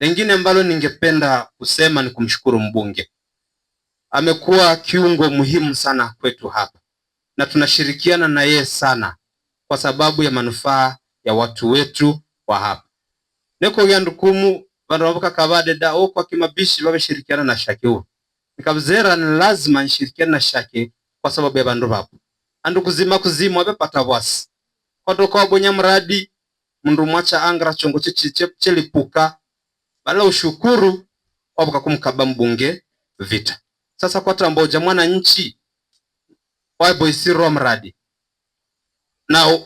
Lingine ambalo ningependa kusema ni kumshukuru mbunge. Amekuwa kiungo muhimu sana kwetu hapa na tunashirikiana na yeye sana kwa sababu ya manufaa ya watu wetu wa hapa. Niko gyandukumu vandu vavuka kavade da huko akimabishi vaveshirikiana na shake huo nikavuzera ni lazima nishirikiane na shake kwa sababu ya vandu vapo andu kuzima kuzima wavepata vwasi kwatokawabonya mradi mundu mwacha angra chongo chichi chelipuka badala ushukuru wapo kakumkaba mbunge vita. Sasa kwa tambo nchi wae boisi isiro mradi na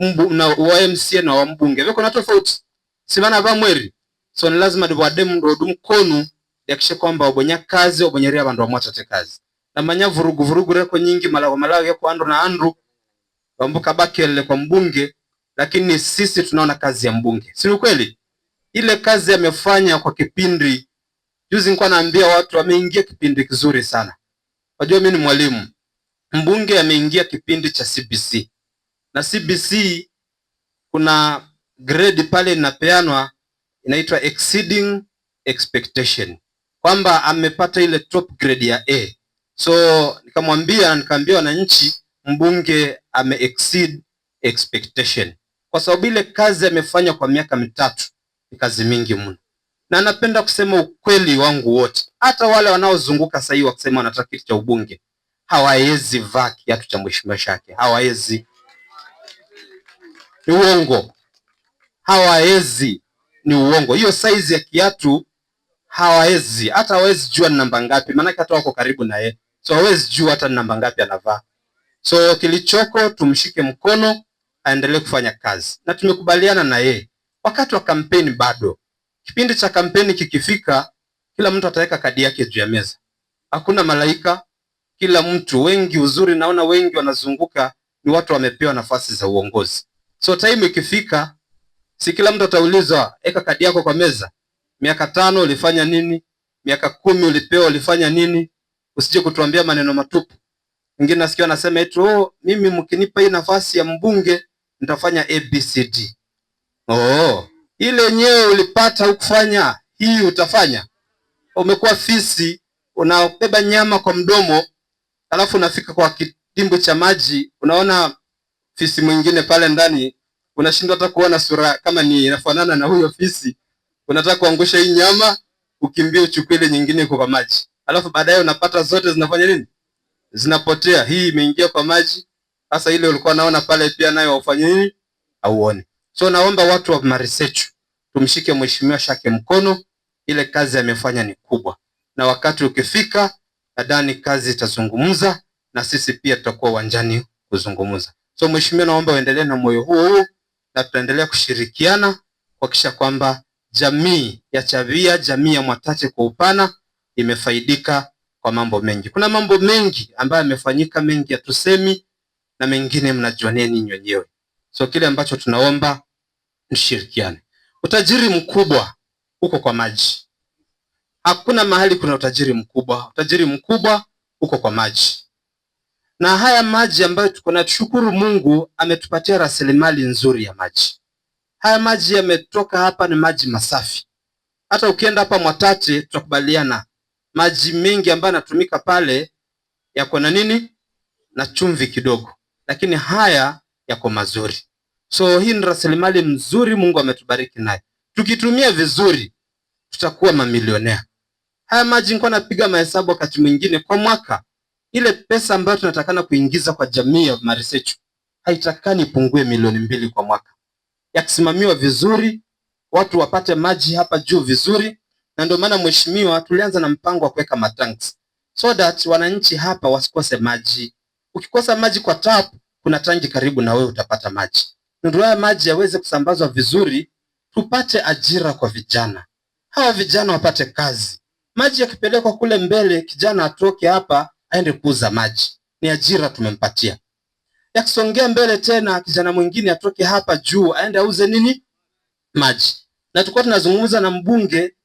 mbu, na wa MCA na wa mbunge viko na tofauti sibana ba mweri so ni lazima ndiwademu ndodu mkonu yakishe kwamba obonya kazi obonyeria bandu bamwatate kazi na manya vurugu vurugu reko nyingi malago malago yako andro na andro wambuka bakele kwa mbunge, lakini sisi tunaona kazi ya mbunge, si kweli? ile kazi amefanya kwa kipindi. Juzi nilikuwa naambia watu ameingia kipindi kizuri sana. Wajua mimi ni mwalimu, mbunge ameingia kipindi cha CBC na CBC kuna grade pale inapeanwa inaitwa exceeding expectation, kwamba amepata ile top grade ya A. So nikamwambia, nikaambia wananchi, mbunge ame exceed expectation, kwa sababu ile kazi amefanya kwa miaka mitatu ni kazi mingi mno, na napenda kusema ukweli wangu wote. Hata wale wanaozunguka sasa hivi wakisema wanataka kiti cha ubunge hawawezi vaa kiatu cha mheshimiwa Shake, hawawezi. Ni uongo, hawawezi, ni uongo. Hiyo saizi ya kiatu hawawezi, hata hawawezi jua ni namba ngapi, maanake hata wako karibu na yeye, so hawezi jua hata ni namba ngapi anavaa. So kilichoko, tumshike mkono aendelee kufanya kazi, na tumekubaliana na yeye wakati wa kampeni bado. Kipindi cha kampeni kikifika, kila mtu ataweka kadi yake juu ya meza. Hakuna malaika, kila mtu wengi. Uzuri naona wengi wanazunguka ni watu wamepewa nafasi za uongozi, so time ikifika, si kila mtu ataulizwa, eka kadi yako kwa meza. Miaka tano ulifanya nini? Miaka kumi ulipewa ulifanya nini? Usije kutuambia maneno matupu. Wengine nasikia wanasema eti, oh, mimi mkinipa hii nafasi ya mbunge nitafanya ABCD. Oh, ile yenyewe ulipata ukufanya hii utafanya. Umekuwa fisi, unabeba nyama kwa mdomo, alafu unafika kwa kidimbwi cha maji, unaona fisi mwingine pale ndani, unashindwa hata kuona sura kama ni inafanana na huyo fisi. Unataka kuangusha hii nyama, ukimbie uchukue ile nyingine kwa maji, alafu baadaye unapata zote zinafanya nini? Zinapotea. Hii imeingia kwa maji, sasa ile ulikuwa naona pale pia nayo ufanye nini, auone. So naomba watu wa research tumshike mheshimiwa Shake mkono, ile kazi amefanya ni kubwa, na wakati ukifika, nadhani kazi itazungumza na sisi pia tutakuwa uwanjani kuzungumza. So mheshimiwa, naomba uendelee na moyo huo huo, na tutaendelea kushirikiana kuhakikisha kwamba jamii ya Chavia, jamii ya Mwatate kwa upana imefaidika kwa mambo mengi. Kuna mambo mengi ambayo yamefanyika, mengi ya tusemi na mengine mnajua nini wenyewe. So kile ambacho tunaomba mshirikiane. Utajiri mkubwa uko kwa maji. Hakuna mahali kuna utajiri mkubwa. Utajiri mkubwa uko kwa maji, na haya maji ambayo tuko na, tushukuru Mungu ametupatia rasilimali nzuri ya maji. Haya maji yametoka hapa, ni maji masafi. Hata ukienda hapa Mwatate tutakubaliana, maji mengi ambayo yanatumika pale yako na nini na chumvi kidogo, lakini haya yako mazuri. So hii ni rasilimali mzuri Mungu ametubariki naye. Tukitumia vizuri tutakuwa mamilionea. Haya maji nilikuwa napiga mahesabu wakati mwingine kwa mwaka. Ile pesa ambayo tunatakana kuingiza kwa jamii ya Marisechu haitakani ipungue milioni mbili kwa mwaka. Yakisimamiwa vizuri, watu wapate maji hapa juu vizuri na ndio maana mheshimiwa, tulianza na mpango wa kuweka matanks so that wananchi hapa wasikose maji. Ukikosa maji kwa tap, kuna tangi karibu na wewe utapata maji ndio haya maji yaweze kusambazwa vizuri, tupate ajira kwa vijana hawa, vijana wapate kazi. Maji yakipelekwa kule mbele, kijana atoke hapa aende kuuza maji, ni ajira tumempatia. Yakisongea mbele tena, kijana mwingine atoke hapa juu aende auze nini? Maji. Na tulikuwa tunazungumza na mbunge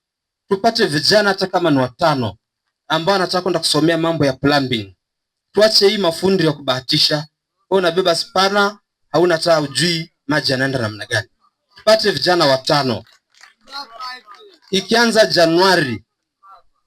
tupate vijana hata kama ni watano ambao anataka kwenda kusomea mambo ya plumbing. Tuache hii mafundi ya kubahatisha, wewe unabeba spana hauna taa, ujui maji yanaenda namna gani. Pate vijana watano ikianza Januari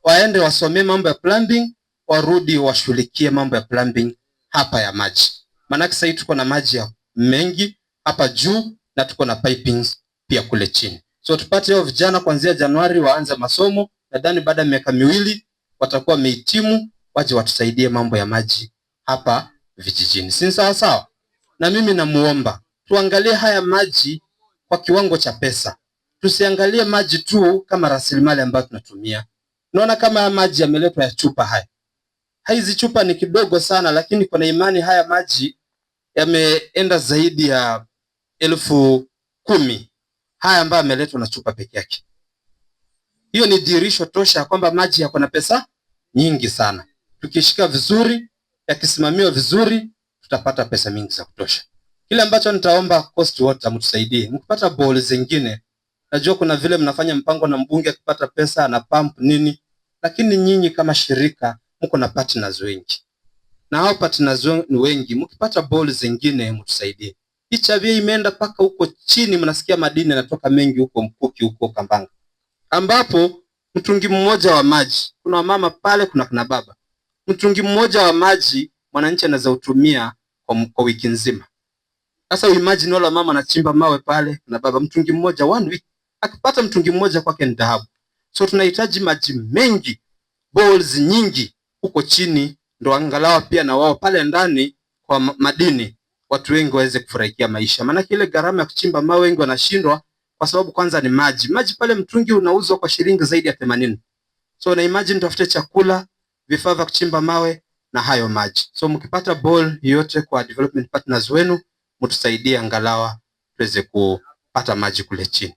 waende wasomee mambo ya plumbing, warudi washughulikie mambo ya plumbing hapa ya maji, maanake sasa tuko na maji ya mengi hapa juu na tuko na pipings pia kule chini. So tupate hao vijana kuanzia Januari waanze masomo, nadhani baada ya miaka miwili watakuwa wamehitimu, waje watusaidie mambo ya maji hapa vijijini, si sawa sawa? na mimi namuomba tuangalie haya maji kwa kiwango cha pesa, tusiangalie maji tu kama rasilimali ambayo tunatumia. Naona kama haya maji yameletwa ya chupa haya, hizi chupa ni kidogo sana, lakini kuna imani haya maji yameenda zaidi ya elfu kumi haya ambayo yameletwa na chupa peke yake. Hiyo ni dirisho tosha kwamba maji yako na pesa nyingi sana, tukishika vizuri, yakisimamiwa vizuri tutapata pesa mingi za kutosha. Kile ambacho nitaomba Coast Water mtusaidie, mkipata bore zingine, najua kuna vile mnafanya mpango na mbunge akipata pesa na pump nini, lakini nyinyi kama shirika mko na partners wengi na hao partners wengi, mkipata bore zingine mtusaidie. Ichavia imeenda paka huko chini, mnasikia madini yanatoka mengi huko Mkuki, huko Kambanga, ambapo mtungi mmoja wa maji kuna mama pale, kuna kuna baba, mtungi mmoja wa maji mwananchi anaweza utumia kwa, kwa wiki nzima. Sasa imagine wala mama anachimba mawe pale na baba mtungi mmoja one week, akipata mtungi mmoja kwake ni dhahabu. So tunahitaji maji mengi, bowls nyingi huko chini, ndo angalau pia na wao pale ndani kwa madini watu wengi waweze kufurahikia maisha. Maana ile gharama ya kuchimba mawe wengi wanashindwa kwa sababu kwanza ni maji. Maji pale mtungi unauzwa kwa shilingi zaidi ya 80. So na imagine tafute chakula, vifaa vya kuchimba mawe na hayo maji. So mkipata ball yote kwa development partners wenu, mtusaidie angalawa tuweze kupata maji kule chini.